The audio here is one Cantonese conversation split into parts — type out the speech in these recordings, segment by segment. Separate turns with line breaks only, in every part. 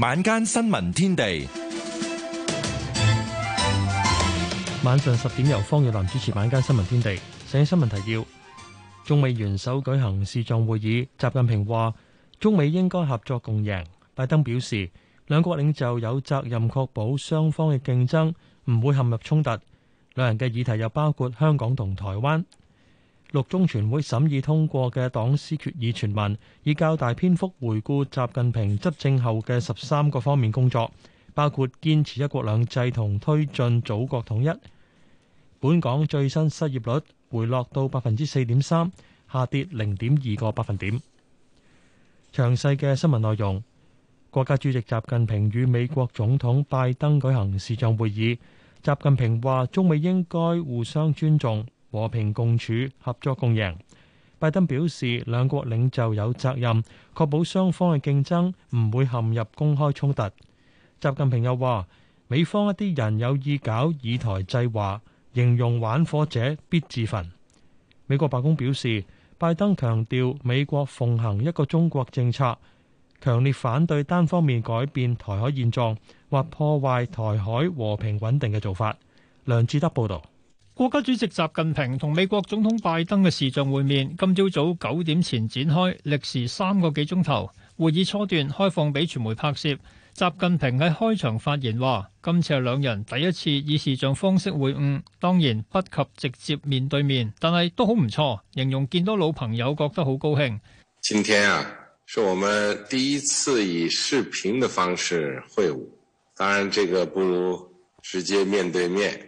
晚
間新聞天地，晚上十點由方若男主持。晚間新聞天地，先睇新聞提要。中美元首舉行視像會議，習近平話中美應該合作共贏。拜登表示，兩國領袖有責任確保雙方嘅競爭唔會陷入衝突。兩人嘅議題又包括香港同台灣。六中全會審議通過嘅黨史決議全文，以較大篇幅回顧習近平執政後嘅十三個方面工作，包括堅持一國兩制同推進祖國統一。本港最新失業率回落到百分之四點三，下跌零點二個百分點。詳細嘅新聞內容，國家主席習近平與美國總統拜登舉行視像會議。習近平話：中美應該互相尊重。和平共處、合作共贏。拜登表示，兩國領袖有責任，確保雙方嘅競爭唔會陷入公開衝突。習近平又話：美方一啲人有意搞以台制華，形容玩火者必自焚。美國白宮表示，拜登強調美國奉行一個中國政策，強烈反對單方面改變台海現狀，或破壞台海和平穩定嘅做法。梁志德報
道。國家主席習近平同美國總統拜登嘅視像會面，今朝早九點前展開，歷時三個幾鐘頭。會議初段開放俾傳媒拍攝。習近平喺開場發言話：今次係兩人第一次以視像方式會晤，當然不及直接面對面，但係都好唔錯。形容見到老朋友，覺得好高興。
今天啊，是我們第一次以視頻的方式會晤，當然這個不如直接面對面。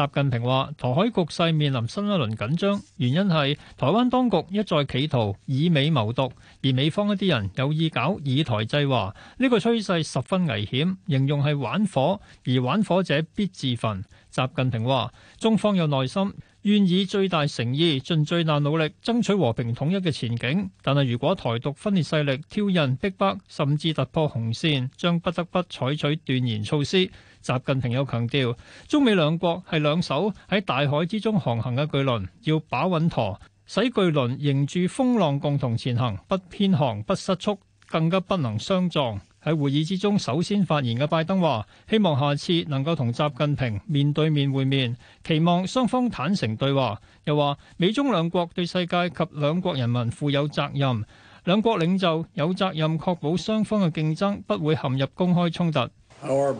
習近平話，台海局勢面臨新一輪緊張，原因係台灣當局一再企圖以美謀獨，而美方一啲人有意搞以台制華，呢個趨勢十分危險，形容係玩火，而玩火者必自焚。習近平話，中方有耐心。願以最大誠意、盡最大努力爭取和平統一嘅前景，但係如果台獨分裂勢力挑釁逼迫，迫，甚至突破紅線，將不得不採取斷然措施。習近平又強調，中美兩國係兩艘喺大海之中航行嘅巨輪，要把穩舵，使巨輪迎住風浪共同前行，不偏航、不失速，更加不能相撞。喺會議之中首先發言嘅拜登話：希望下次能夠同習近平面對面會面，期望雙方坦誠對話。又話美中兩國對世界及兩國人民負有責任，兩國領袖有責任確保雙方嘅競爭不會陷入公開衝
突。Our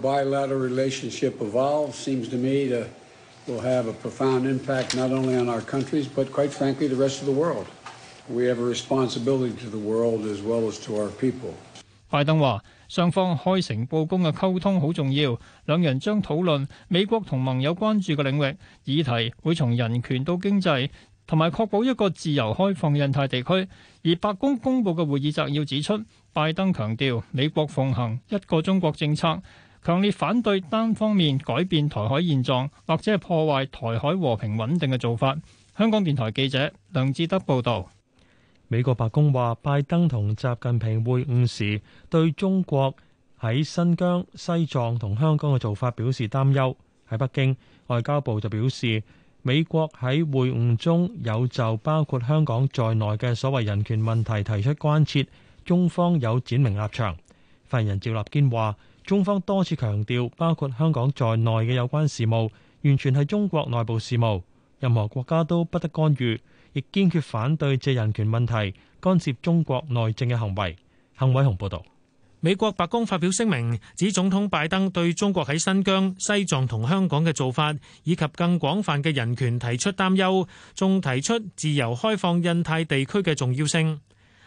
拜登話：雙方開誠佈公嘅溝通好重要，兩人將討論美國同盟友關注嘅領域，議題會從人權到經濟，同埋確保一個自由開放印太地區。而白宮公佈嘅會議摘要指出，拜登強調美國奉行一個中國政策，強烈反對單方面改變台海現狀，或者係破壞台海和平穩定嘅做法。
香港電台記者梁志德報導。美國白宮話，拜登同習近平會晤時，對中國喺新疆、西藏同香港嘅做法表示擔憂。喺北京，外交部就表示，美國喺會晤中有就包括香港在內嘅所謂人權問題提出關切，中方有展明立場。發言人趙立堅話：中方多次強調，包括香港在內嘅有關事務，完全係中國內部事務，任何國家都不得干預。亦堅決反對借人權問題干涉中國內政嘅行為。幸偉雄報導，美國白宮發表聲明，指總統拜登對中國喺
新疆、西藏同香港嘅做法，以及更廣泛嘅人權提出擔憂，仲提出自由開放印太地區嘅重要性。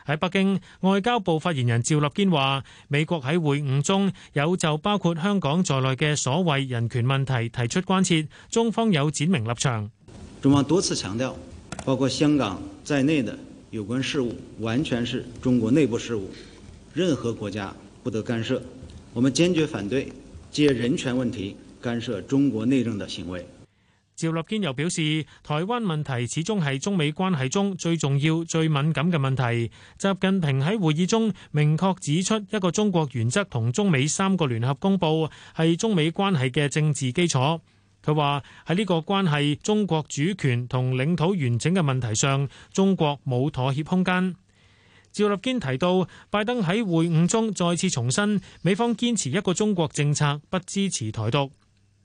喺北京，外交部發言人趙立堅話，美國喺會晤中有就包括香港在內嘅所謂人權問題提出關切，中方有闡明立場。
中方多次強
調，包括香港在內的有關事務完全係中國內部事務，任何國家不得干涉。我們堅決反對借人權問題干涉中國內政的行為。趙立堅又表示，台灣問題始終係中美關係中最重要、最敏感嘅問題。習近平喺會議中明確指出，一個中國原則同中美三個聯合公佈係中美關係嘅政治基礎。佢話喺呢個關係中國主權同領土完整嘅問題上，中國冇妥協空間。趙立堅提到，拜登喺會晤中再次重申美方堅持一個中國政策，不支持台獨。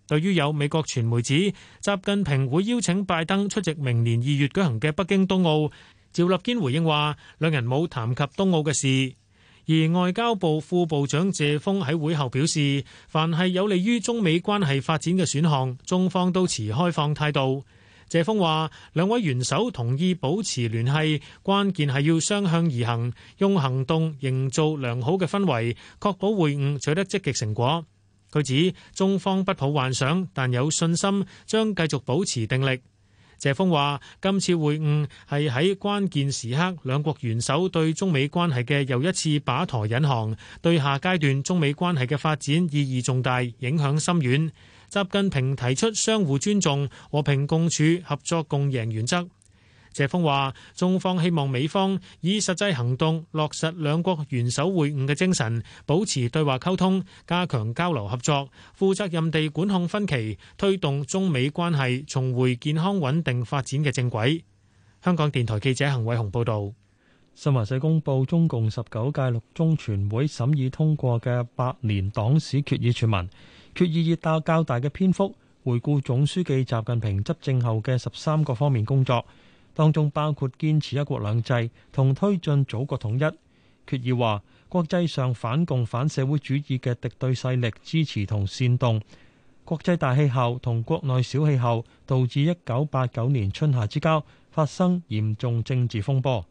對於有美國傳媒指習近平會邀請拜登出席明年二月舉行嘅北京冬奧，趙立堅回應話，兩人冇談及冬奧嘅事。而外交部副部長謝鋒喺會後表示，凡係有利於中美關係發展嘅選項，中方都持開放態度。謝鋒話，兩位元首同意保持聯繫，關鍵係要雙向而行，用行動營造良好嘅氛圍，確保會晤取得積極成果。佢指，中方不抱幻想，但有信心將繼續保持定力。謝鋒話：今次會晤係喺關鍵時刻，兩國元首對中美關係嘅又一次把舵引航，對下階段中美關係嘅發展意義重大，影響深遠。習近平提出相互尊重、和平共處、合作共贏原則。謝鋒話：中方希望美方以實際行動落實兩國元首會晤嘅精神，保持對話溝通，加強交流合作，負責任地管控分歧，推動中美關係重回健康穩定發展嘅正
軌。香港電台記者邢偉雄報道。新華社公布中共十九屆六中全會審議通過嘅百年黨史決議全文，決議以達較大嘅篇幅回顧總書記習近平執政後嘅十三個方面工作。當中包括堅持一國兩制同推進祖國統一。決議話，國際上反共反社會主義嘅敵對勢力支持同煽動，國際大氣候同國內小氣候，導致一九八九年春夏之交發生嚴重政治風波。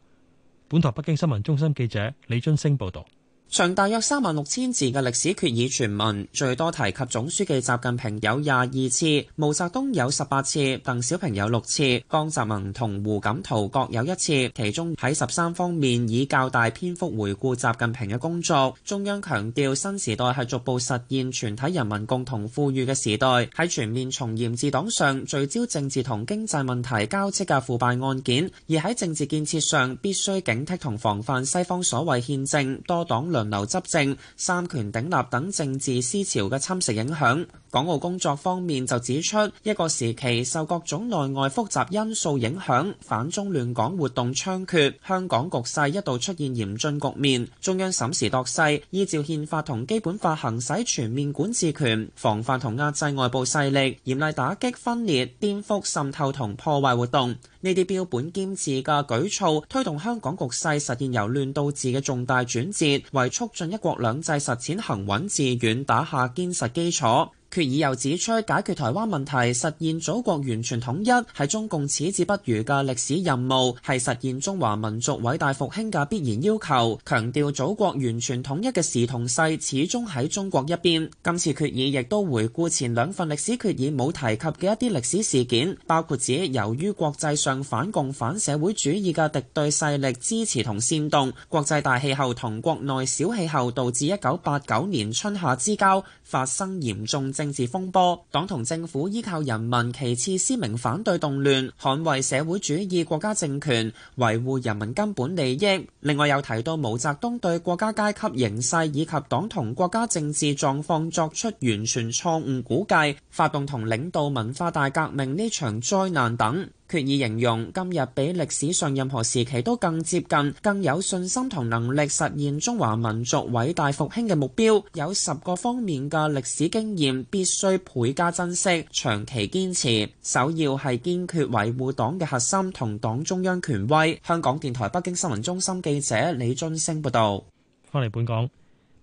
本台北京新聞中心記者李津
升報道。長大約三萬六千字嘅歷史決議全文，最多提及總書記習近平有廿二次，毛澤東有十八次，鄧小平有六次，江澤民同胡錦濤各有一次。其中喺十三方面以較大篇幅回顧習近平嘅工作。中央強調新時代係逐步實現全體人民共同富裕嘅時代。喺全面從嚴治黨上，聚焦政治同經濟問題交織嘅腐敗案件，而喺政治建設上，必須警惕同防範西方所謂憲政多黨，輪流執政、三權鼎立等政治思潮嘅侵蝕影響，港澳工作方面就指出，一個時期受各種內外複雜因素影響，反中亂港活動猖獗，香港局勢一度出現嚴峻局面。中央審時度勢，依照憲法同基本法行使全面管治權，防範同壓制外部勢力，嚴厲打擊分裂、顛覆、滲透同破壞活動。呢啲標本兼治嘅舉措，推動香港局勢實現由亂到治嘅重大轉折，為促進一國兩制實踐行穩致遠打下堅實基礎。決議又指出，解決台灣問題、實現祖國完全統一，係中共矢志不渝嘅歷史任務，係實現中華民族偉大復興嘅必然要求。強調祖國完全統一嘅時同勢始終喺中國一邊。今次決議亦都回顧前兩份歷史決議冇提及嘅一啲歷史事件，包括指由於國際上反共反社會主義嘅敵對勢力支持同煽動，國際大氣候同國內小氣候導致一九八九年春夏之交發生嚴重政治風波，黨同政府依靠人民；其次，鮮明反對動亂，捍衛社會主義國家政權，維護人民根本利益。另外，又提到毛澤東對國家階級形勢以及黨同國家政治狀況作出完全錯誤估計，發動同領導文化大革命呢場災難等。決議形容今日比歷史上任何時期都更接近、更有信心同能力實現中華民族偉大復興嘅目標，有十個方面嘅歷史經驗必須倍加珍惜、長期堅持。首要係堅決維護黨嘅核心同黨中央權威。香港電台北京新聞中心記者李津聲報道。
翻嚟本港。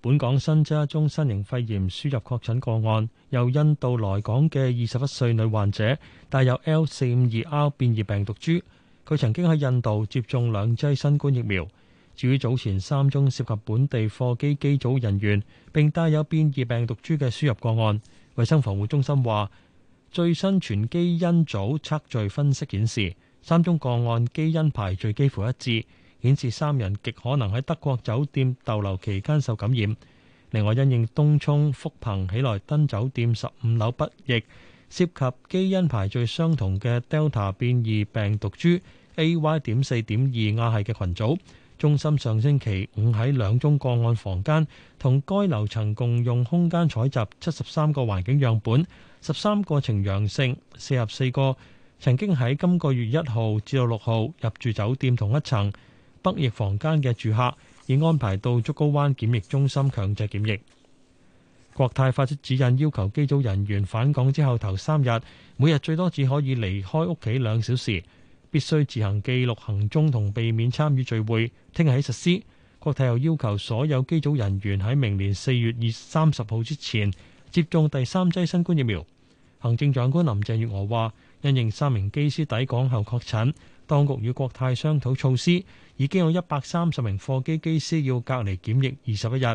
本港新增一宗新型肺炎輸入確診個案，由印度來港嘅二十一歲女患者帶有 L 四五二 R 變異病毒株。佢曾經喺印度接種兩劑新冠疫苗。至於早前三宗涉及本地貨機機組人員，並帶有變異病毒株嘅輸入個案，衛生防護中心話最新全基因組測序分析顯示，三宗個案基因排序幾乎一致。顯示三人極可能喺德國酒店逗留期間受感染。另外，因應東涌福朋喜來登酒店十五樓不溢涉及基因排序相同嘅 Delta 變異病毒株 A.Y. 點四點二亞系嘅群組，中心上星期五喺兩宗個案房間同該樓層共用空間採集七十三個環境樣本，十三個呈陽性，四十四個曾經喺今個月一號至到六號入住酒店同一層。北翼房間嘅住客已安排到竹篙灣檢疫中心強制檢疫。國泰發出指引，要求機組人員返港之後頭三日，每日最多只可以離開屋企兩小時，必須自行記錄行蹤同避免參與聚會。聽日起實施。國泰又要求所有機組人員喺明年四月二三十號之前接種第三劑新冠疫苗。行政長官林鄭月娥話，因應三名機師抵港後確診。當局與國泰商討措施，已經有一百三十名貨機機師要隔離檢疫二十一日。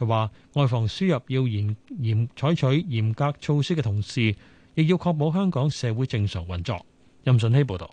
佢話：外防輸入要嚴嚴採取嚴格措施嘅同時，亦要確保香港社會正常運作。任順希報導。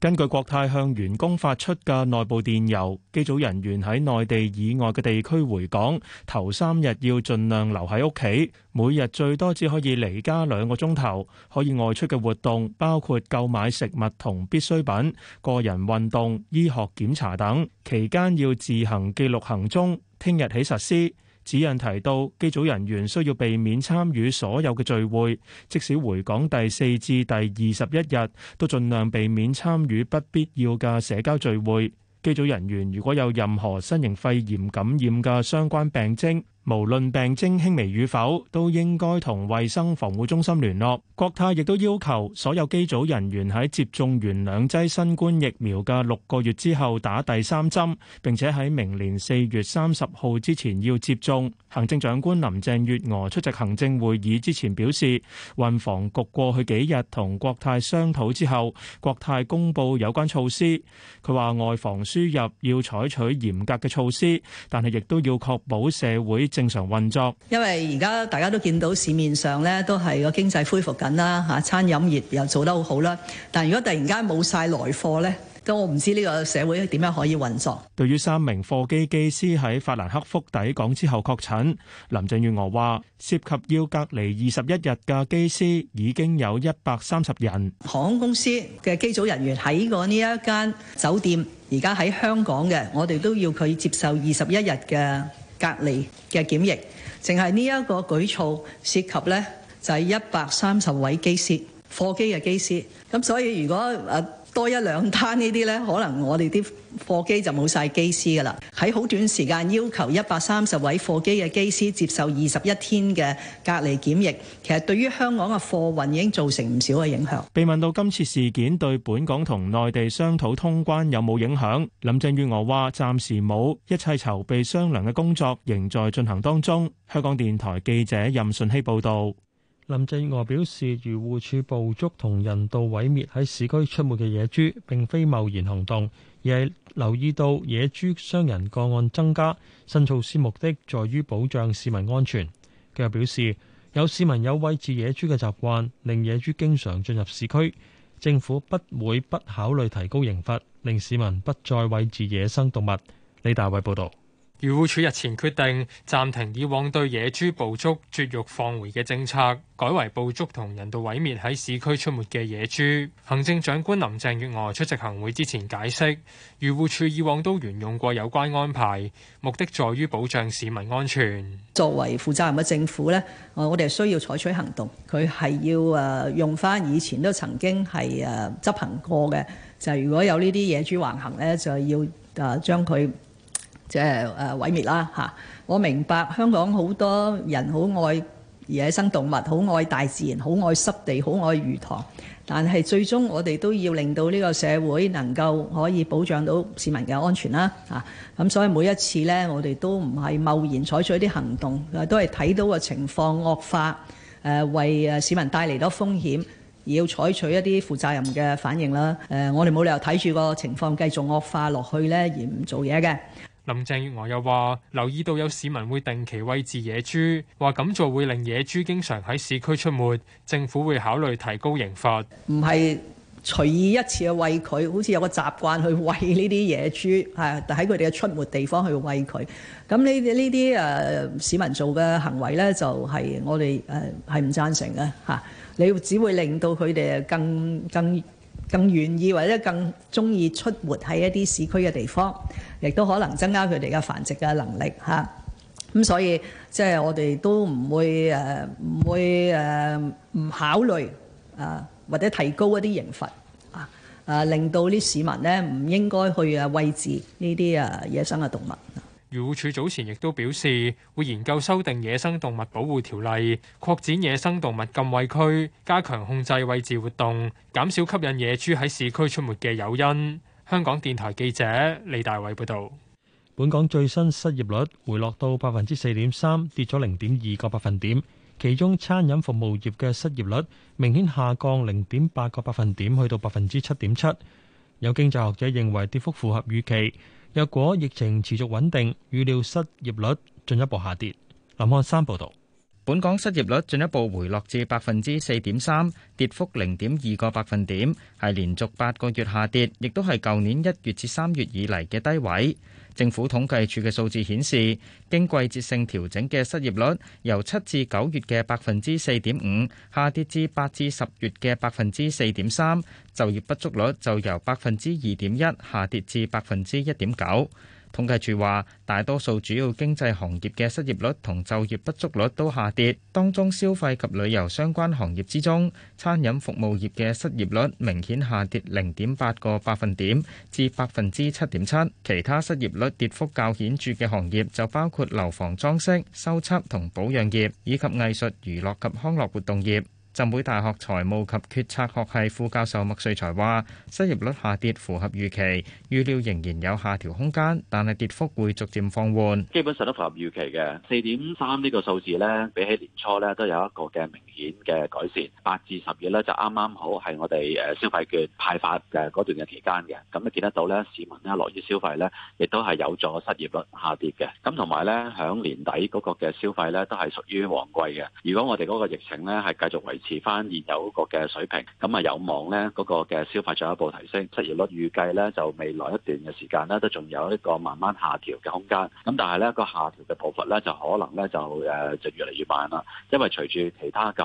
根
據國泰向員工發出嘅內部電郵，機組人員喺內地以外嘅地區回港頭三日要盡量留喺屋企，每日最多只可以離家兩個鐘頭，可以外出嘅活動包括購買食物同必需品、個人運動、醫學檢查等，期間要自行記錄行蹤。聽日起實施。指引提到，機組人員需要避免參與所有嘅聚會，即使回港第四至第二十一日，都盡量避免參與不必要嘅社交聚會，機組人員如果有任何新型肺炎感染嘅相關病徵，無論病徵輕微與否，都應該同衛生防護中心聯絡。國泰亦都要求所有機組人員喺接種完兩劑新冠疫苗嘅六個月之後打第三針，並且喺明年四月三十號之前要接種。行政長官林鄭月娥出席行政會議之前表示，運房局過去幾日同國泰商討之後，國泰公布有關措施。佢話外防輸入要採取嚴格嘅措施，但係亦都要確保社會正常運作，
因為而家大家都見到市面上咧都係個經濟恢復緊啦，嚇餐飲業又做得好好啦。但係如果突然間冇曬來貨咧，都我唔知呢個社會點樣可以運作。
對於三名貨機機師喺法蘭克福抵港之後確診，林鄭月娥話：涉及要隔離二十一日嘅機師已經有
一百三十人。航空公司嘅機組人員喺過呢一間酒店，而家喺香港嘅，我哋都要佢接受二十一日嘅隔離嘅檢疫，淨係呢一個舉措涉及呢，就係一百三十位機師，貨機嘅機師。咁所以如果，啊多一兩單呢啲呢，可能我哋啲貨機就冇晒機師噶啦，喺好短時間要求一百三十位貨機嘅機師接受二十一天嘅隔離檢疫，其實對於香港嘅貨運已經造成唔少嘅影響。
被問到今次事件對本港同內地商討通關有冇影響，林鄭月娥話暫時冇，一切籌備商量嘅工作仍在進行當中。香港電台記者任順希報道。
林鄭月娥表示，漁護署捕捉同人道毀滅喺市區出沒嘅野豬，並非貿然行動，而係留意到野豬傷人個案增加，新措施目的在於保障市民安全。佢又表示，有市民有餵飼野豬嘅習慣，令野豬經常進入市區，政府不會不考慮提高刑罰，令市民不再餵飼野生動物。李大偉報道。
漁護署日前決定暫停以往對野豬捕捉、絕育、放回嘅政策，改為捕捉同人道毀滅喺市區出沒嘅野豬。行政長官林鄭月娥出席行會之前解釋，漁護署以往都沿用過有關安排，目的在於保障市民安全。
作為負責任嘅政府呢，我哋需要採取行動。佢係要誒用翻以前都曾經係誒執行過嘅，就係如果有呢啲野豬橫行呢，就要誒將佢。即係誒毀滅啦嚇！我明白香港好多人好愛野生動物，好愛大自然，好愛濕地，好愛魚塘。但係最終我哋都要令到呢個社會能夠可以保障到市民嘅安全啦嚇！咁、啊、所以每一次呢，我哋都唔係貿然採取啲行動，都係睇到個情況惡化，誒、呃、為市民帶嚟多風險，而要採取一啲負責任嘅反應啦。誒、呃、我哋冇理由睇住個情況繼續惡化落去呢，而唔做嘢嘅。
林鄭月娥又話：留意到有市民會定期餵飼野豬，話咁做會令野豬經常喺市區出沒，政府會考慮提高刑罰。
唔係隨意一次去餵佢，好似有個習慣去餵呢啲野豬，係喺佢哋嘅出沒地方去餵佢。咁呢啲呢啲誒市民做嘅行為咧，就係、是、我哋誒係唔贊成嘅嚇、啊。你只會令到佢哋更更。更更願意或者更中意出沒喺一啲市區嘅地方，亦都可能增加佢哋嘅繁殖嘅能力嚇。咁、啊、所以即係、就是、我哋都唔會誒唔、啊、會誒唔、啊、考慮啊，或者提高一啲刑罰啊，令到啲市民呢唔應該去啊餵飼呢啲啊野生嘅動物。
漁護署早前亦都表示，會研究修訂野生動物保護條例，擴展野生動物禁餵區，加強控制餵飼活動，減少吸引野豬喺市區出沒嘅誘因。香港電台記者李大偉報導。
本港最新失業率回落到百分之四點三，跌咗零點二個百分點。其中餐飲服務業嘅失業率明顯下降零點八個百分點，去到百分之七點七。有經濟學者認為跌幅符合預期。若果疫情持續穩定，預料失業率進一步下跌。林漢山報導。
本港失業率進一步回落至百分之四點三，跌幅零點二個百分點，係連續八個月下跌，亦都係舊年一月至三月以嚟嘅低位。政府統計處嘅數字顯示，經季節性調整嘅失業率由七至九月嘅百分之四點五，下跌至八至十月嘅百分之四點三，就業不足率就由百分之二點一，下跌至百分之一點九。統計處話，大多數主要經濟行業嘅失業率同就業不足率都下跌，當中消費及旅遊相關行業之中，餐飲服務業嘅失業率明顯下跌零點八個百分點至百分之七點七。其他失業率跌幅較顯著嘅行業就包括樓房裝飾、修葺同保養業，以及藝術、娛樂及康樂活動業。浸會大學財務及決策學系副教授麥瑞才話，失業率下跌符合預期，預料仍然有下調空間，但係跌幅會逐漸放緩。
基本上都符合預期嘅，四點三呢個數字呢，比起年初呢，都有一個嘅。件嘅改善，八至十月咧就啱啱好係我哋誒消費券派發嘅嗰段嘅期間嘅，咁你見得到咧市民咧樂意消費咧，亦都係有助失業率下跌嘅，咁同埋咧響年底嗰個嘅消費咧都係屬於旺季嘅。如果我哋嗰個疫情咧係繼續維持翻現有個嘅水平，咁啊有望咧嗰個嘅消費進一步提升，失業率預計咧就未來一段嘅時間咧都仲有一個慢慢下調嘅空間。咁但係咧個下調嘅步伐咧就可能咧就誒就越嚟越慢啦，因為隨住其他嘅。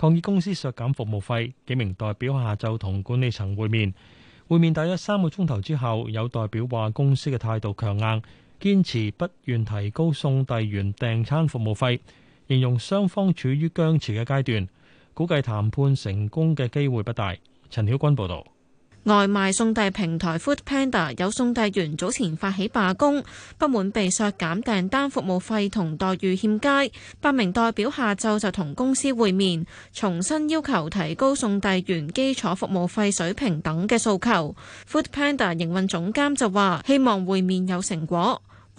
抗議公司削減服務費，幾名代表下晝同管理層會面。會面大約三個鐘頭之後，有代表話公司嘅態度強硬，堅持不願提高送遞員訂餐服務費，形容雙方處於僵持嘅階段，估計談判成功嘅機會不大。陳曉君報導。
外賣送遞平台 Foodpanda 有送遞員早前發起罷工，不滿被削減訂單服務費同待遇欠佳，八名代表下晝就同公司會面，重新要求提高送遞員基礎服務費水平等嘅訴求。Foodpanda 營運總監就話：希望會面有成果。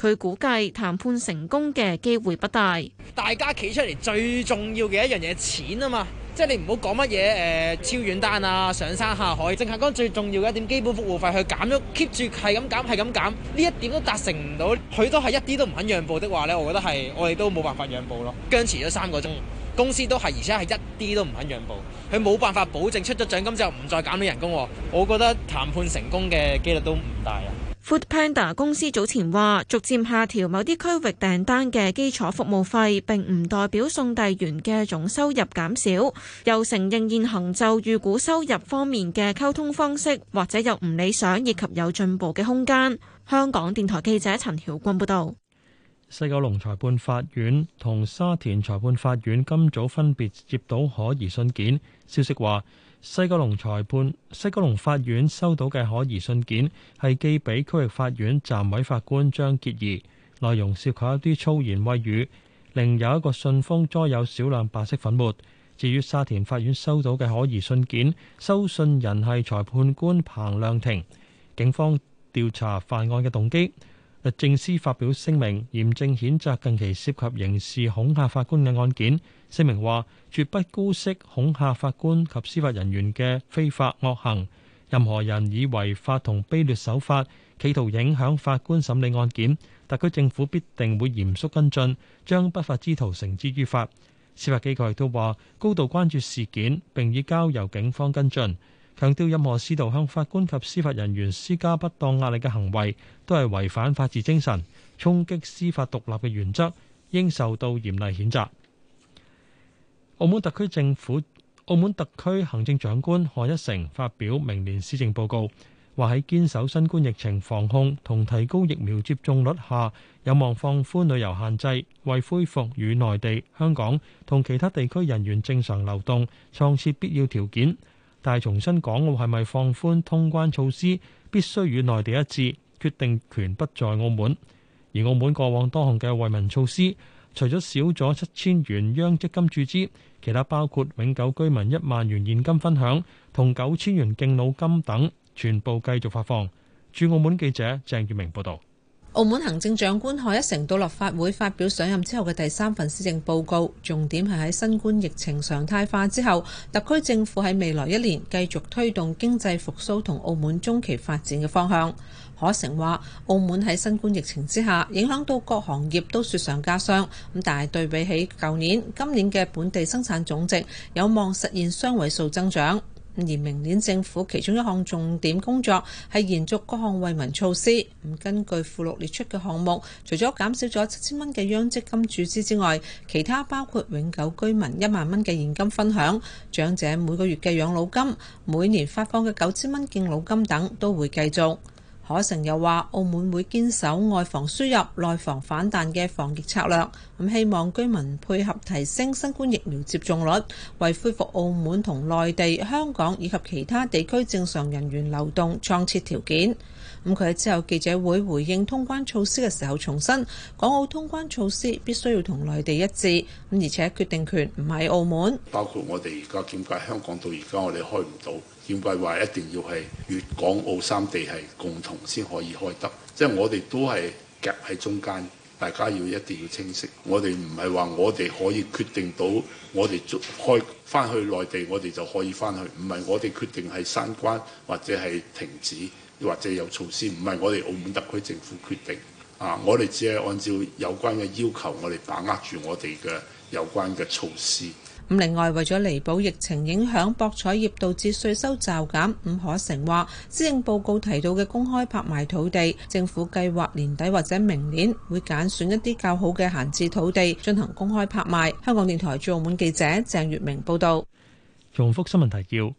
佢估計談判成功嘅機會不大。
大家企出嚟最重要嘅一樣嘢，錢啊嘛，即係你唔好講乜嘢誒超遠單啊，上山下海。淨係講最重要嘅一點，基本服務費佢減咗，keep 住係咁減，係咁減。呢一點都達成唔到，佢都係一啲都唔肯讓步嘅話呢，我覺得係我哋都冇辦法讓步咯。僵持咗三個鐘，公司都係，而且係一啲都唔肯讓步。佢冇辦法保證出咗獎金之後唔再減你人工。我覺得談判成功嘅機率都唔大啊！
Foodpanda 公司早前話，逐漸下調某啲區域訂單嘅基礎服務費，並唔代表送遞員嘅總收入減少。又承認現行就預估收入方面嘅溝通方式，或者有唔理想以及有進步嘅空間。香港電台記者陳曉君報導。
西九龍裁判法院同沙田裁判法院今早分別接到可疑信件，消息話，西九龍裁判西九龍法院收到嘅可疑信件係寄俾區域法院暫委法官張潔儀，內容涉及一啲粗言穢語。另有一個信封載有少量白色粉末。至於沙田法院收到嘅可疑信件，收信人係裁判官彭亮庭。警方調查犯案嘅動機。律政司發表聲明，嚴正譴責近期涉及刑事恐嚇法官嘅案件。聲明話：絕不姑息恐嚇法官及司法人員嘅非法惡行。任何人以違法同卑劣手法，企圖影響法官審理案件，特區政府必定會嚴肅跟進，將不法之徒繩之於法。司法機構亦都話高度關注事件，並已交由警方跟進。強調任何試圖向法官及司法人員施加不當壓力嘅行為，都係違反法治精神，衝擊司法獨立嘅原則，應受到嚴厲譴責。澳門特區政府澳門特區行政長官賀一誠發表明年施政報告，話喺堅守新冠疫情防控同提高疫苗接種率下，有望放寬旅遊限制，為恢復與內地、香港同其他地區人員正常流動，創設必要條件。但係重新港澳係咪放寬通關措施，必須與內地一致，決定權不在澳門。而澳門過往多項嘅惠民措施，除咗少咗七千元央積金注資，其他包括永久居民一萬元現金分享同九千元敬老金等，全部繼續發放。駐澳門記者鄭月明報道。
澳門行政長官賀一誠到立法會發表上任之後嘅第三份施政報告，重點係喺新冠疫情常態化之後，特區政府喺未來一年繼續推動經濟復甦同澳門中期發展嘅方向。賀一誠話：澳門喺新冠疫情之下，影響到各行業都雪上加霜，咁但係對比起舊年，今年嘅本地生產總值有望實現雙位數增長。而明年政府其中一項重點工作係延續各項惠民措施。咁根據附錄列出嘅項目，除咗減少咗七千蚊嘅央積金注資之外，其他包括永久居民一萬蚊嘅現金分享、長者每個月嘅養老金、每年發放嘅九千蚊敬老金等都會繼續。海成又話：澳門會堅守外防輸入、內防反彈嘅防疫策略，咁希望居民配合提升新冠疫苗接種率，為恢復澳門同內地、香港以及其他地區正常人員流動創設條件。咁佢喺之後記者會回應通關措施嘅時候，重申：港澳通關措施必須要同內地一致，咁而且決定權唔係澳門。
包括我哋而家點解香港到而家我哋開唔到？點解話一定要係粵港澳三地係共同先可以開得，即係我哋都係夾喺中間，大家要一定要清晰。我哋唔係話我哋可以決定到我哋開翻去內地，我哋就可以翻去，唔係我哋決定係閂關或者係停止或者有措施，唔係我哋澳門特區政府決定。啊，我哋只係按照有關嘅要求，我哋把握住我哋嘅有關嘅措施。
咁另外，為咗彌補疫情影響博彩業導致稅收驟減，伍可成話，施政報告提到嘅公開拍賣土地，政府計劃年底或者明年會揀選一啲較好嘅閒置土地進行公開拍賣。香港電台駐澳門記者鄭月明
報導。重複新聞提要：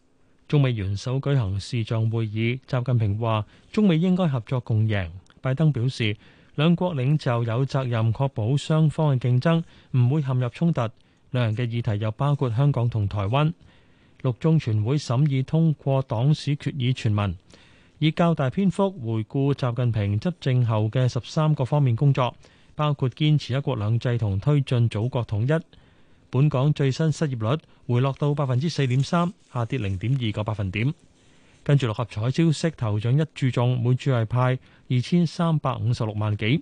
中美元首舉行視像會議，習近平話中美應該合作共贏，拜登表示兩國領袖有責任確保雙方嘅競爭唔會陷入衝突。兩樣嘅議題又包括香港同台灣。六中全會審議通過黨史決議全文，以較大篇幅回顧習近平執政後嘅十三個方面工作，包括堅持一國兩制同推進祖國統一。本港最新失業率回落到百分之四點三，下跌零點二個百分點。跟住六合彩消息，頭獎一注中，每注係派二千三百五十六萬幾。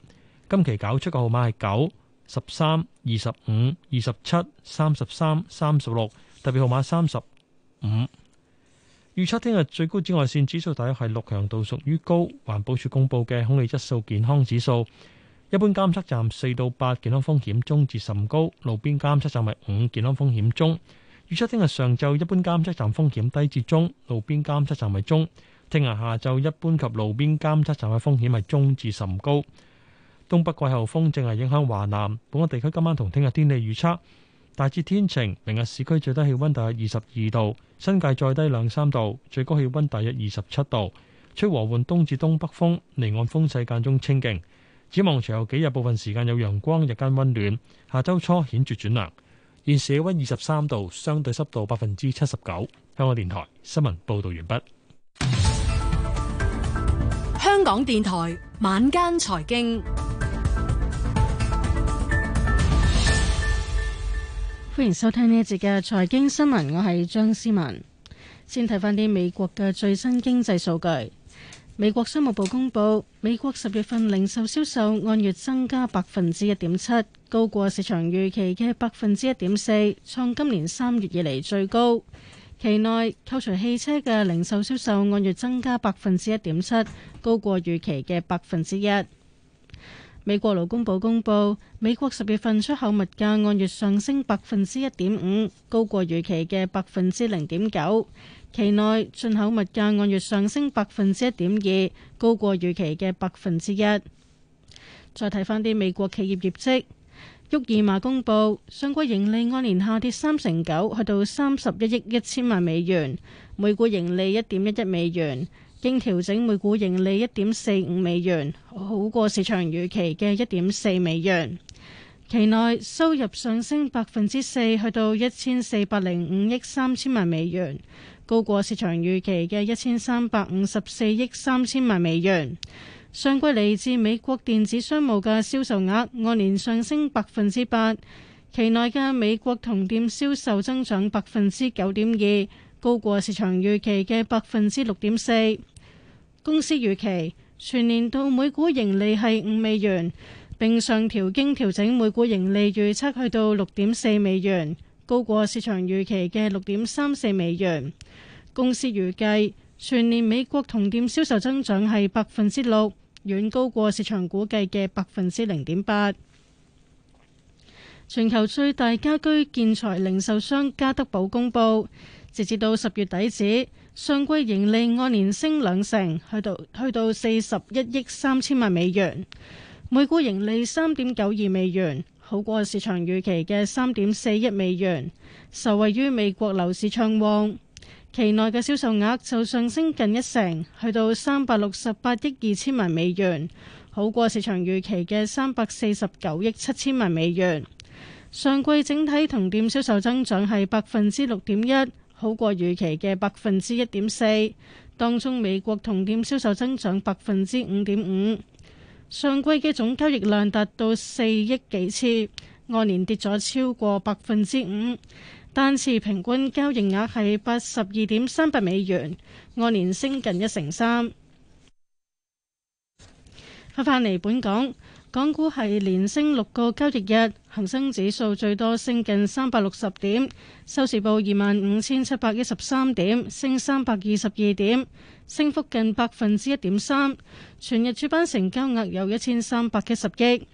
今期搞出個號碼係九，十三、二十五、二十七、三十三、三十六，特別號碼三十五。預測聽日最高紫外線指數大約係六強度，屬於高。環保署公布嘅空氣質素健康指數，一般監測站四到八，健康風險中至甚高；路邊監測站為五，健康風險中。預測聽日上晝一般監測站風險低至中，路邊監測站為中。聽日下晝一般及路邊監測站嘅風險係中至甚高。東北季候風正係影響華南本港地區，今晚同聽日天氣預測大致天晴，明日市區最低氣溫大約二十二度，新界再低兩三度，最高氣溫大約二十七度，吹和緩東至東北風，離岸風勢間中清勁。展望隨後幾日，部分時間有陽光，日間溫暖。下周初顯著轉涼，現時氣溫二十三度，相對濕度百分之七十九。香港電台新聞報道完畢。
香港電台晚間財經。歡迎收聽呢一節嘅財經新聞，我係張思文。先睇翻啲美國嘅最新經濟數據。美國商務部公布，美國十月份零售銷售按月增加百分之一點七，高過市場預期嘅百分之一點四，創今年三月以嚟最高。期內扣除汽車嘅零售銷售按月增加百分之一點七，高過預期嘅百分之一。美國勞工部公布，美國十月份出口物價按月上升百分之一點五，高過預期嘅百分之零點九；期內進口物價按月上升百分之一點二，高過預期嘅百分之一。再睇翻啲美國企業業績，沃爾瑪公布上季盈利按年下跌三成九，去到三十一億一千萬美元，每股盈利一點一一美元。經調整每股盈利一點四五美元，好過市場預期嘅一點四美元。期內收入上升百分之四，去到一千四百零五億三千萬美元，高過市場預期嘅一千三百五十四億三千萬美元。上季嚟自美國電子商務嘅銷售額按年上升百分之八，期內嘅美國同店銷售增長百分之九點二，高過市場預期嘅百分之六點四。公司預期全年度每股盈利係五美元，並上調經調整每股盈利預測去到六點四美元，高過市場預期嘅六點三四美元。公司預計全年美國同店銷售增長係百分之六，遠高過市場估計嘅百分之零點八。全球最大家居建材零售商家得寶公布，截至十月底止，上季盈利按年升兩成，去到去到四十一億三千萬美元，每股盈利三點九二美元，好過市場預期嘅三點四一美元，受惠於美國樓市暢旺。期內嘅銷售額就上升近一成，去到三百六十八億二千萬美元，好過市場預期嘅三百四十九億七千萬美元。上季整體同店銷售增長係百分之六點一。好過預期嘅百分之一點四，當中美國同店銷售增長百分之五點五，上季嘅總交易量達到四億幾次，按年跌咗超過百分之五，單次平均交易額係八十二點三百美元，按年升近一成三。翻返嚟本港，港股係連升六個交易日。恒生指數最多升近三百六十點，收市報二萬五千七百一十三點，升三百二十二點，升幅近百分之一點三。全日主板成交額有一千三百一十億。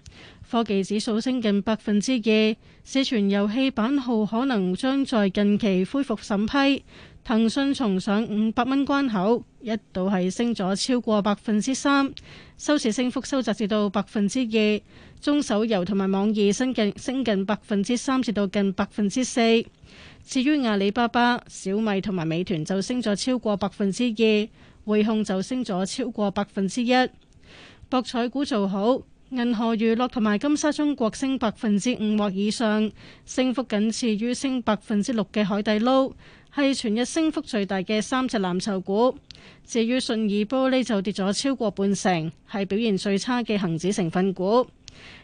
科技指數升近百分之二，市傳遊戲版號可能將在近期恢復審批。騰訊重上五百蚊關口，一度係升咗超過百分之三，收市升幅收窄至到百分之二。中手遊同埋網易升近升近百分之三，至到近百分之四。至於阿里巴巴、小米同埋美團就升咗超過百分之二，匯控就升咗超過百分之一。博彩股做好。銀河娛樂同埋金沙中國升百分之五或以上，升幅僅次於升百分之六嘅海底撈，係全日升幅最大嘅三隻藍籌股。至於信義玻璃就跌咗超過半成，係表現最差嘅恒指成分股。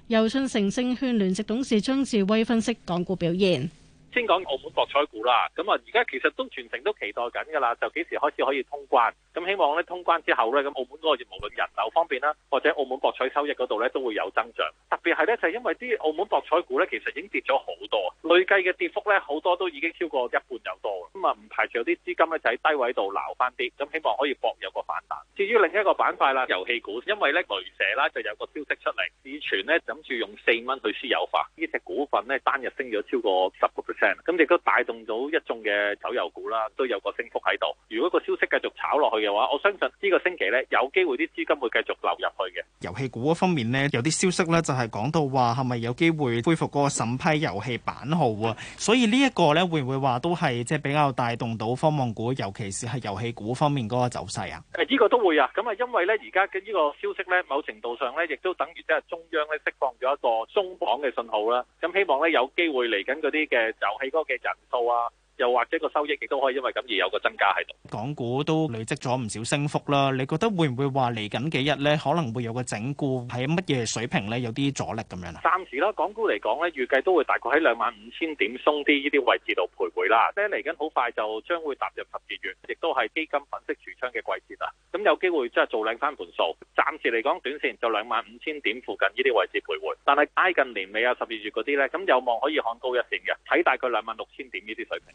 由信誠證券聯席董事張智威分析港股表現。
先講澳門博彩股啦，咁啊而家其實都全程都期待緊㗎啦，就幾時開始可以通關？咁希望咧通關之後咧，咁澳門嗰個無論人流方面啦，或者澳門博彩收益嗰度咧都會有增長。特別係咧就係因為啲澳門博彩股咧其實已經跌咗好多，累計嘅跌幅咧好多都已經超過一半有多。咁啊唔排除有啲資金咧就喺低位度撈返啲，咁希望可以博有個反彈。至於另一個板塊啦，遊戲股，因為咧雷蛇啦就有個消息出嚟，以前咧諗住用四蚊去私有化呢隻股份咧，單日升咗超過十個 percent。咁亦都帶動到一眾嘅石油股啦，都有個升幅喺度。如果個消息繼續炒落去嘅話，我相信呢個星期呢，有機會啲資金會繼續流入去嘅。
遊戲股方面呢，有啲消息呢，就係講到話係咪有機會恢復嗰個審批遊戲版號啊？所以呢一個呢，會唔會話都係即係比較帶動到科網股，尤其是係遊戲股方面嗰個走勢啊？
誒，呢個都會啊。咁啊，因為呢，而家嘅呢個消息呢，某程度上呢，亦都等於即係中央呢釋放咗一個鬆綁嘅信號啦。咁希望呢，有機會嚟緊嗰啲嘅走起嗰個嘅人數啊， 又或者個收益亦都可以因為咁而有個增加喺度。
港股都累積咗唔少升幅啦，你覺得會唔會話嚟緊幾日呢？可能會有個整固喺乜嘢水平呢？有啲阻力咁樣
啊？暫時啦，港股嚟講呢，預計都會大概喺兩萬五千點鬆啲呢啲位置度徘徊啦。即係嚟緊好快就將會踏入十二月，月，亦都係基金粉飾櫥窗嘅季節啦。咁有機會即係做靚翻盤數。暫時嚟講，短線就兩萬五千點附近呢啲位置徘徊，但係挨近年尾啊十二月嗰啲呢，咁有望可以看高一線嘅，睇大概兩萬六千點呢啲水平。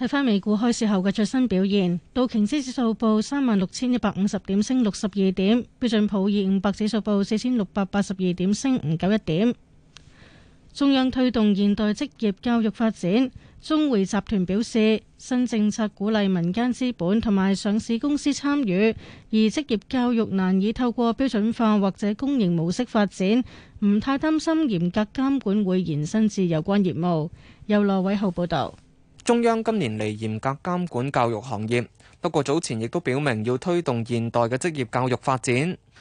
睇翻美股開市後嘅最新表現，道瓊斯指數報三萬六千一百五十點，升六十二點；標準普爾五百指數報四千六百八十二點，升五九一點。中央推動現代職業教育發展，中匯集團表示，新政策鼓勵民間資本同埋上市公司參與，而職業教育難以透過標準化或者公營模式發展，唔太擔心嚴格監管會延伸至有關業務。由羅偉浩報導。
中央今年嚟嚴格監管教育行業，不過早前亦都表明要推動現代嘅職業教育發展。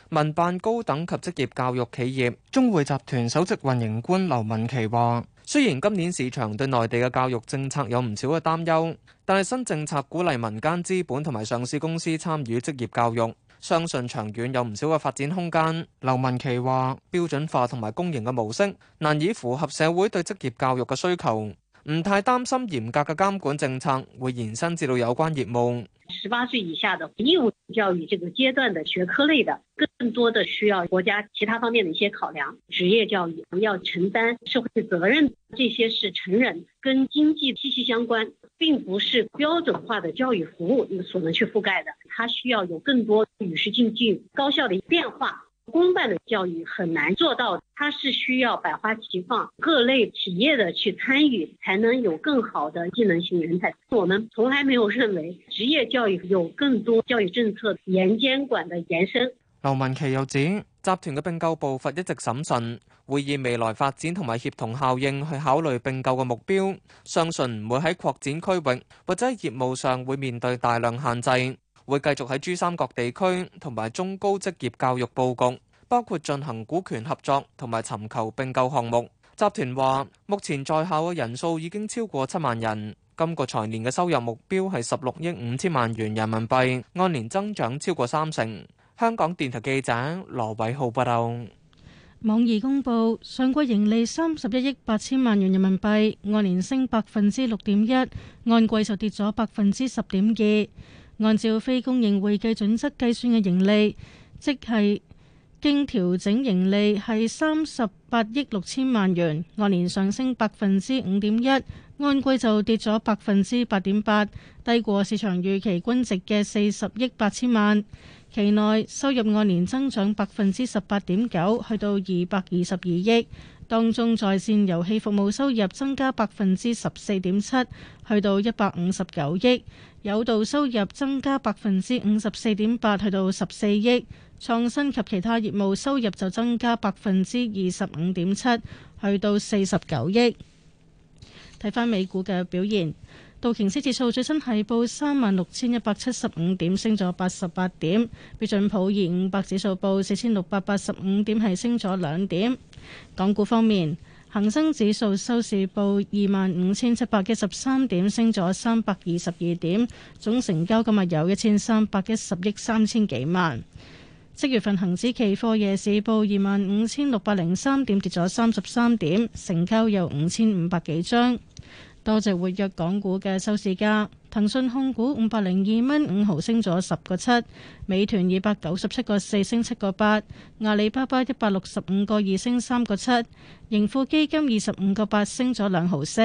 民辦高等及職業教育企業中匯集團首席運營官劉文琪話，雖然今年市場對內地嘅教育政策有唔少嘅擔憂，但係新政策鼓勵民間資本同埋上市公司參與職業教育，相信長遠有唔少嘅發展空間，劉文琪話，標準化同埋公營嘅模式難以符合社會對職業教育嘅需求。唔太擔心嚴格嘅監管政策會延伸至到有關業務。
十八歲以下的義務教育這個階段的學科類的，更多的需要國家其他方面的一些考量。職業教
育要承擔社會責任，這些是成人跟經濟息息相關，並不是標準化的教育服務所能去覆蓋的。它需要有更多與時俱進、高效的變化。公辦嘅教育很難做到，它是需要百花齊放，各類企業的去參與，才能有更好的技能型人才。我們從來沒有認為職業教育有更多教育政策嚴監管的延伸。
劉文琪又指，集團嘅併購步伐一直審慎，會以未來發展同埋協同效應去考慮併購嘅目標，相信唔會喺擴展區域或者業務上會面對大量限制。會繼續喺珠三角地區同埋中高職業教育布局，包括進行股權合作同埋尋求併購項目。集團話，目前在校嘅人數已經超過七萬人。今個財年嘅收入目標係十六億五千萬元人民幣，按年增長超過三成。香港電台記者羅偉浩報道。
網易公布上季盈利三十一億八千萬元人民幣，按年升百分之六點一，按季就跌咗百分之十點二。按照非公認會計準則計算嘅盈利，即係經調整盈利係三十八億六千萬元，按年上升百分之五點一，按季就跌咗百分之八點八，低過市場預期均值嘅四十億八千萬。期內收入按年增長百分之十八點九，去到二百二十二億。當中，在線遊戲服務收入增加百分之十四點七，去到一百五十九億；有道收入增加百分之五十四點八，去到十四億；創新及其他業務收入就增加百分之二十五點七，去到四十九億。睇返美股嘅表現。道瓊斯指數最新係報三萬六千一百七十五點，升咗八十八點。標準普爾五百指數報四千六百八十五點，係升咗兩點。港股方面，恒生指數收市報二萬五千七百一十三點，升咗三百二十二點。總成交今日有一千三百一十億三千幾萬。七月份恒指期貨夜市報二萬五千六百零三點，跌咗三十三點，成交有五千五百幾張。多隻活躍港股嘅收市價，騰訊控股五百零二蚊五毫升咗十個七，美團二百九十七個四升七個八，阿里巴巴一百六十五個二升三個七，盈富基金二十五個八升咗兩毫四，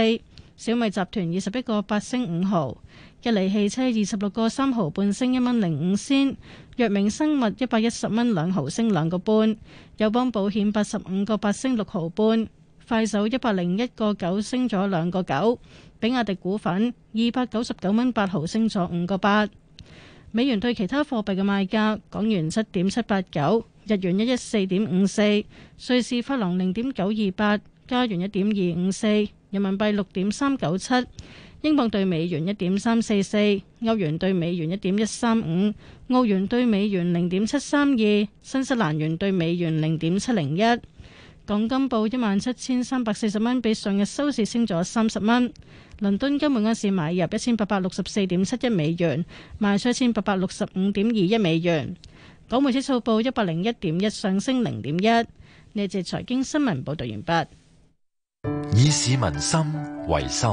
小米集團二十一個八升五毫，吉利汽車二十六個三毫半升一蚊零五仙，藥明生物一百一十蚊兩毫升兩個半，友邦保險八十五個八升六毫半。快手一百零一個九升咗兩個九，比亞迪股份二百九十九蚊八毫升咗五個八。美元兌其他貨幣嘅賣價：港元七點七八九，日元一一四點五四，瑞士法郎零點九二八，加元一點二五四，人民幣六點三九七，英鎊兌美元一點三四四，歐元兌美元一點一三五，澳元兌美元零點七三二，新西蘭元兌美元零點七零一。港金報一萬七千三百四十蚊，比上日收市升咗三十蚊。倫敦金每盎司買入一千八百六十四點七一美元，賣出一千八百六十五點二一美元。港匯指數報一百零一點一，上升零點一。呢節財經新聞報道完畢。
以市民心為心，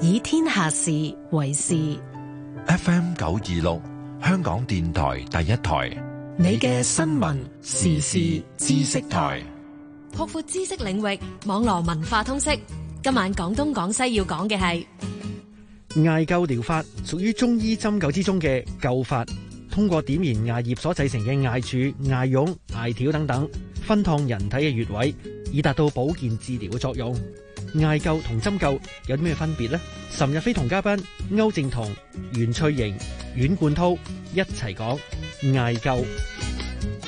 以天下事為事。
F M 九二六，香港電台第一台，
你嘅新聞時事
知識台。
擴闊知識領域，網絡文化通識。今晚廣東廣西要講嘅係
艾灸療法，屬於中醫針灸之中嘅灸法。通過點燃艾葉所製成嘅艾柱、艾絨、艾條等等，分燙人體嘅穴位，以達到保健治療嘅作用。艾灸同針灸有啲咩分別呢？岑日飛同嘉賓歐正彤、袁翠瑩、阮冠濤一齊講艾灸。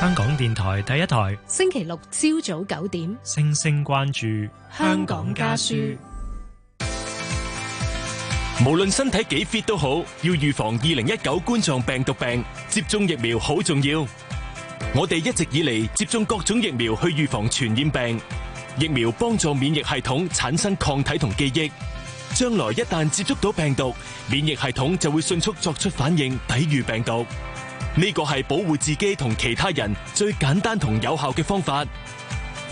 香港電台第一台，
星期六朝早九點，
聲聲關注
香港家書。
無論身體幾 fit 都好，要預防二零一九冠狀病毒病，接種疫苗好重要。我哋一直以嚟，接種各種疫苗去預防傳染病，疫苗幫助免疫系統產生抗體同記憶，將來一旦接觸到病毒，免疫系統就會迅速作出反應抵禦病毒。呢個係保護自己同其他人最簡單同有效嘅方法，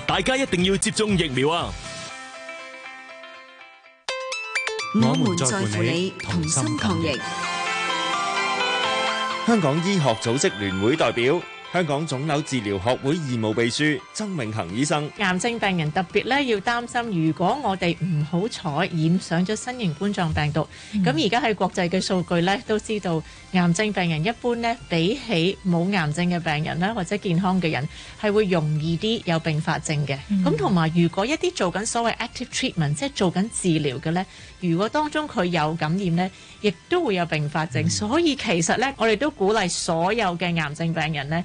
大家一定要接種疫苗啊！
我們在乎你，同心抗疫。香港醫學組織聯會代表。香港腫瘤治療學會義務秘書曾明恒醫生：
癌症病人特別咧要擔心，如果我哋唔好彩染上咗新型冠狀病毒，咁而家喺國際嘅數據咧都知道，癌症病人一般咧比起冇癌症嘅病人咧或者健康嘅人，係會容易啲有併發症嘅。咁同埋，如果一啲做緊所謂 active treatment，即係做緊治療嘅咧，如果當中佢有感染咧，亦都會有併發症。嗯、所以其實咧，我哋都鼓勵所有嘅癌症病人咧。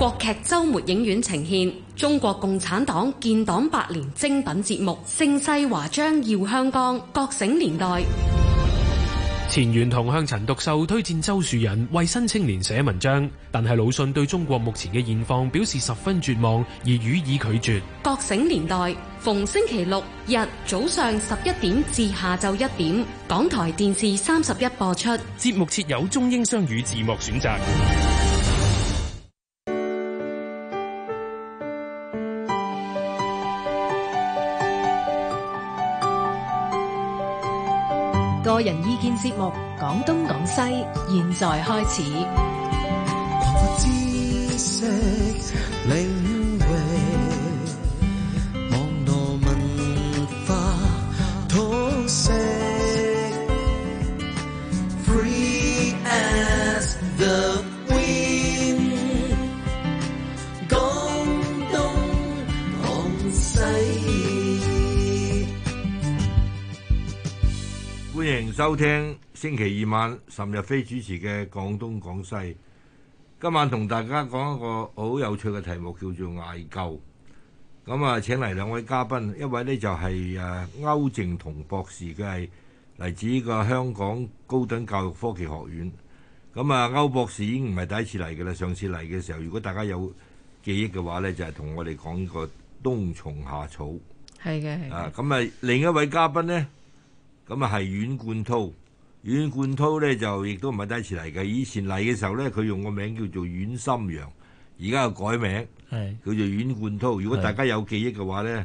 國劇周末影院呈現中國共產黨建黨百年精品節目《盛世華章耀香江》，覺醒年代。
錢玄同向陳獨秀推薦周樹人為新青年寫文章，但係魯迅對中國目前嘅現況表示十分絕望，而予以拒絕。
覺醒年代逢星期六日早上十一點至下晝一點，港台電視三十一播出。
節目設有中英雙語字幕選擇。
個人意見節目
《講東講西》，現在開始。
收聽星期二
晚岑日飛主持嘅《廣東廣西》，今晚同大家講一個好有趣嘅題目，叫做「艾灸」。咁啊，請嚟兩位嘉賓，一位呢就係、是、誒歐靜同博士，佢係嚟自呢個香港高等教育科技學院。咁啊，歐博士已經唔係第一次嚟㗎喇，上次嚟嘅時候，如果大家有記憶嘅話呢，就係、是、同我哋講個冬蟲夏草。
係嘅，係。
啊，咁啊，另一位嘉賓呢。咁啊，係阮冠濤，阮冠濤咧，就亦都唔係第一次嚟嘅。以前嚟嘅時候咧，佢用個名叫做阮心陽，而家又改名，係叫做阮冠濤。如果大家有記憶嘅話咧，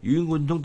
阮冠濤。